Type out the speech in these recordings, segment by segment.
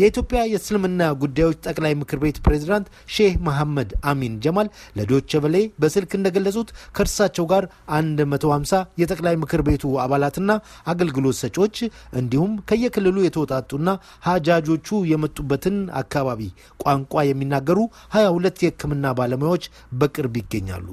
የኢትዮጵያ የእስልምና ጉዳዮች ጠቅላይ ምክር ቤት ፕሬዝዳንት ሼህ መሐመድ አሚን ጀማል ለዶቼ በሌ በስልክ እንደገለጹት ከእርሳቸው ጋር 150 የጠቅላይ ምክር ቤቱ አባላትና አገልግሎት ሰጪዎች እንዲሁም ከየክልሉ የተወጣጡና ሀጃጆቹ የመጡበትን አካባቢ ቋንቋ የሚናገሩ 22 የሕክምና ባለሙያዎች በቅርብ ይገኛሉ።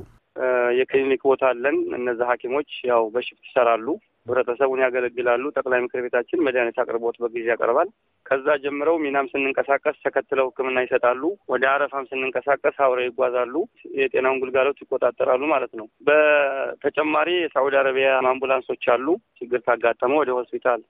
የክሊኒክ ቦታ አለን። እነዚህ ሐኪሞች ያው በሽፍት ይሰራሉ። ህብረተሰቡን ያገለግላሉ። ጠቅላይ ምክር ቤታችን መድኃኒት አቅርቦት በጊዜ ያቀርባል። ከዛ ጀምረው ሚናም ስንንቀሳቀስ ተከትለው ሕክምና ይሰጣሉ። ወደ አረፋም ስንንቀሳቀስ አውረ ይጓዛሉ። የጤናውን ግልጋሎት ይቆጣጠራሉ ማለት ነው። በተጨማሪ የሳዑዲ አረቢያ አምቡላንሶች አሉ። ችግር ካጋጠመው ወደ ሆስፒታል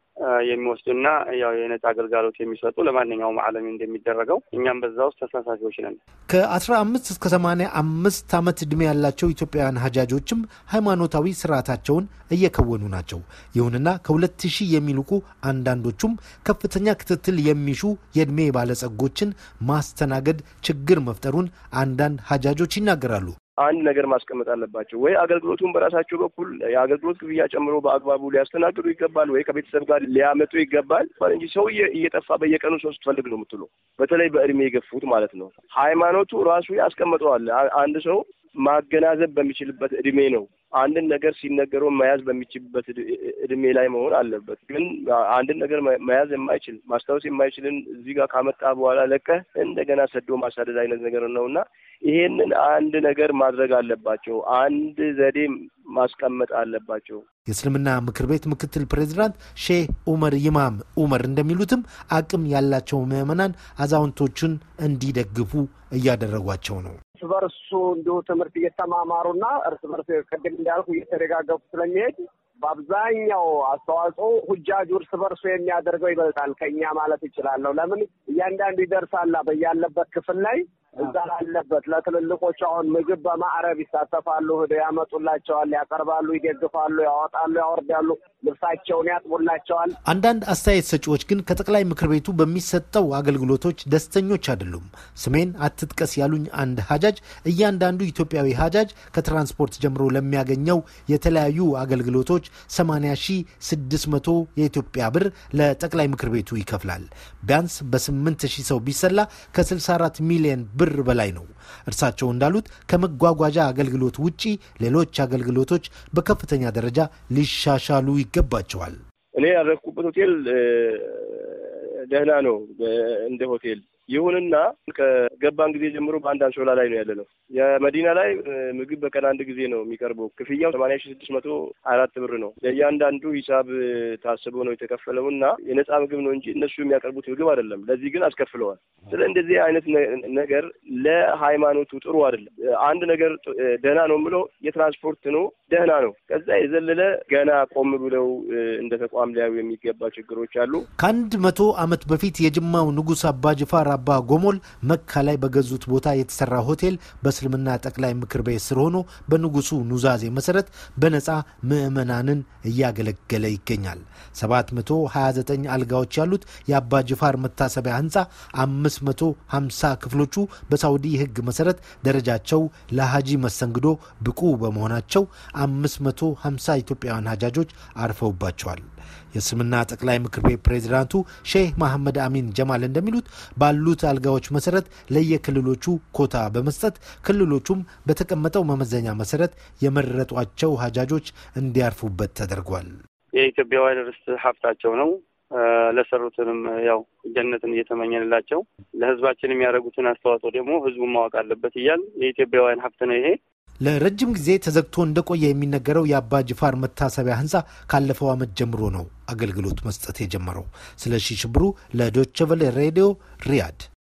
የሚወስዱና ያው የነጻ አገልጋሎት የሚሰጡ ለማንኛውም ዓለም እንደሚደረገው እኛም በዛ ውስጥ ተሳታፊዎች ነን። ከአስራ አምስት እስከ ሰማኒያ አምስት ዓመት ዕድሜ ያላቸው ኢትዮጵያውያን ሀጃጆችም ሃይማኖታዊ ስርዓታቸውን እየከወኑ ናቸው። ይሁንና ከሁለት ሺህ የሚልቁ አንዳንዶቹም ከፍተኛ ክትትል የሚሹ የዕድሜ ባለጸጎችን ማስተናገድ ችግር መፍጠሩን አንዳንድ ሀጃጆች ይናገራሉ። አንድ ነገር ማስቀመጥ አለባቸው። ወይ አገልግሎቱን በራሳቸው በኩል የአገልግሎት ክፍያ ጨምሮ በአግባቡ ሊያስተናግዱ ይገባል፣ ወይ ከቤተሰብ ጋር ሊያመጡ ይገባል እንጂ ሰው እየጠፋ በየቀኑ ሰው ስትፈልግ ነው የምትሉ። በተለይ በእድሜ የገፉት ማለት ነው። ሃይማኖቱ ራሱ ያስቀምጠዋል። አንድ ሰው ማገናዘብ በሚችልበት እድሜ ነው አንድን ነገር ሲነገረው መያዝ በሚችልበት እድሜ ላይ መሆን አለበት። ግን አንድን ነገር መያዝ የማይችል ማስታወስ የማይችልን እዚህ ጋር ካመጣ በኋላ ለቀህ እንደገና ሰዶ ማሳደድ አይነት ነገር ነው እና ይሄንን አንድ ነገር ማድረግ አለባቸው። አንድ ዘዴ ማስቀመጥ አለባቸው። የእስልምና ምክር ቤት ምክትል ፕሬዚዳንት ሼህ ኡመር ይማም ኡመር እንደሚሉትም አቅም ያላቸው ምዕመናን አዛውንቶቹን እንዲደግፉ እያደረጓቸው ነው። እርስ በርሱ እንዲሁ ትምህርት እየተማማሩና እርስ በርስ ቅድም እንዳልኩ እየተደጋገፉ ስለሚሄድ በአብዛኛው አስተዋጽኦ ሁጃጁ እርስ በርሶ የሚያደርገው ይበልጣል ከኛ ማለት እችላለሁ። ለምን እያንዳንዱ ይደርሳላ በያለበት ክፍል ላይ እዛ ላለበት ለትልልቆች አሁን ምግብ በማዕረብ ይሳተፋሉ፣ ሄደው ያመጡላቸዋል፣ ያቀርባሉ፣ ይደግፋሉ፣ ያወጣሉ፣ ያወርዳሉ፣ ልብሳቸውን ያጥቡላቸዋል። አንዳንድ አስተያየት ሰጪዎች ግን ከጠቅላይ ምክር ቤቱ በሚሰጠው አገልግሎቶች ደስተኞች አይደሉም። ስሜን አትጥቀስ ያሉኝ አንድ ሀጃጅ እያንዳንዱ ኢትዮጵያዊ ሀጃጅ ከትራንስፖርት ጀምሮ ለሚያገኘው የተለያዩ አገልግሎቶች 80 የኢትዮጵያ ብር ለጠቅላይ ምክር ቤቱ ይከፍላል። ቢያንስ በ8 ሰው ቢሰላ ከ64 ሚሊዮን ብር ብር በላይ ነው። እርሳቸው እንዳሉት ከመጓጓዣ አገልግሎት ውጪ ሌሎች አገልግሎቶች በከፍተኛ ደረጃ ሊሻሻሉ ይገባቸዋል። እኔ ያረኩበት ሆቴል ደህና ነው እንደ ሆቴል ይሁንና ከገባን ጊዜ ጀምሮ በአንድ አንሶላ ላይ ነው ያለነው። የመዲና ላይ ምግብ በቀን አንድ ጊዜ ነው የሚቀርበው። ክፍያው ሰማንያ ሺ ስድስት መቶ አራት ብር ነው። ለእያንዳንዱ ሂሳብ ታስቦ ነው የተከፈለው እና የነፃ ምግብ ነው እንጂ እነሱ የሚያቀርቡት ምግብ አይደለም። ለዚህ ግን አስከፍለዋል። ስለ እንደዚህ አይነት ነገር ለሃይማኖቱ ጥሩ አይደለም። አንድ ነገር ደህና ነው የምለው የትራንስፖርት ነው ደህና ነው። ከዛ የዘለለ ገና ቆም ብለው እንደ ተቋም ሊያዩ የሚገባ ችግሮች አሉ። ከአንድ መቶ አመት በፊት የጅማው ንጉስ አባ ጅፋር አባ ጎሞል መካ ላይ በገዙት ቦታ የተሰራ ሆቴል በእስልምና ጠቅላይ ምክር ቤት ስር ሆኖ በንጉሱ ኑዛዜ መሰረት በነፃ ምዕመናንን እያገለገለ ይገኛል። 729 አልጋዎች ያሉት የአባ ጅፋር መታሰቢያ ህንፃ 550 ክፍሎቹ በሳውዲ ህግ መሰረት ደረጃቸው ለሀጂ መስተንግዶ ብቁ በመሆናቸው 550 ኢትዮጵያውያን ሀጃጆች አርፈውባቸዋል። የእስልምና ጠቅላይ ምክር ቤት ፕሬዚዳንቱ ሼህ መሐመድ አሚን ጀማል እንደሚሉት ባሉ ባሉት አልጋዎች መሰረት ለየክልሎቹ ኮታ በመስጠት ክልሎቹም በተቀመጠው መመዘኛ መሰረት የመረጧቸው ሀጃጆች እንዲያርፉበት ተደርጓል። የኢትዮጵያ ዋይደርስ ሀብታቸው ነው። ለሰሩትንም ያው ጀነትን እየተመኘንላቸው ለህዝባችን የሚያደርጉትን አስተዋጽኦ ደግሞ ህዝቡ ማወቅ አለበት እያል የኢትዮጵያውያን ሀብት ነው ይሄ ለረጅም ጊዜ ተዘግቶ እንደቆየ የሚነገረው የአባ ጅፋር መታሰቢያ ህንፃ ካለፈው ዓመት ጀምሮ ነው አገልግሎት መስጠት የጀመረው። ስለሺ ሽብሩ ለዶቸቨል ሬዲዮ ሪያድ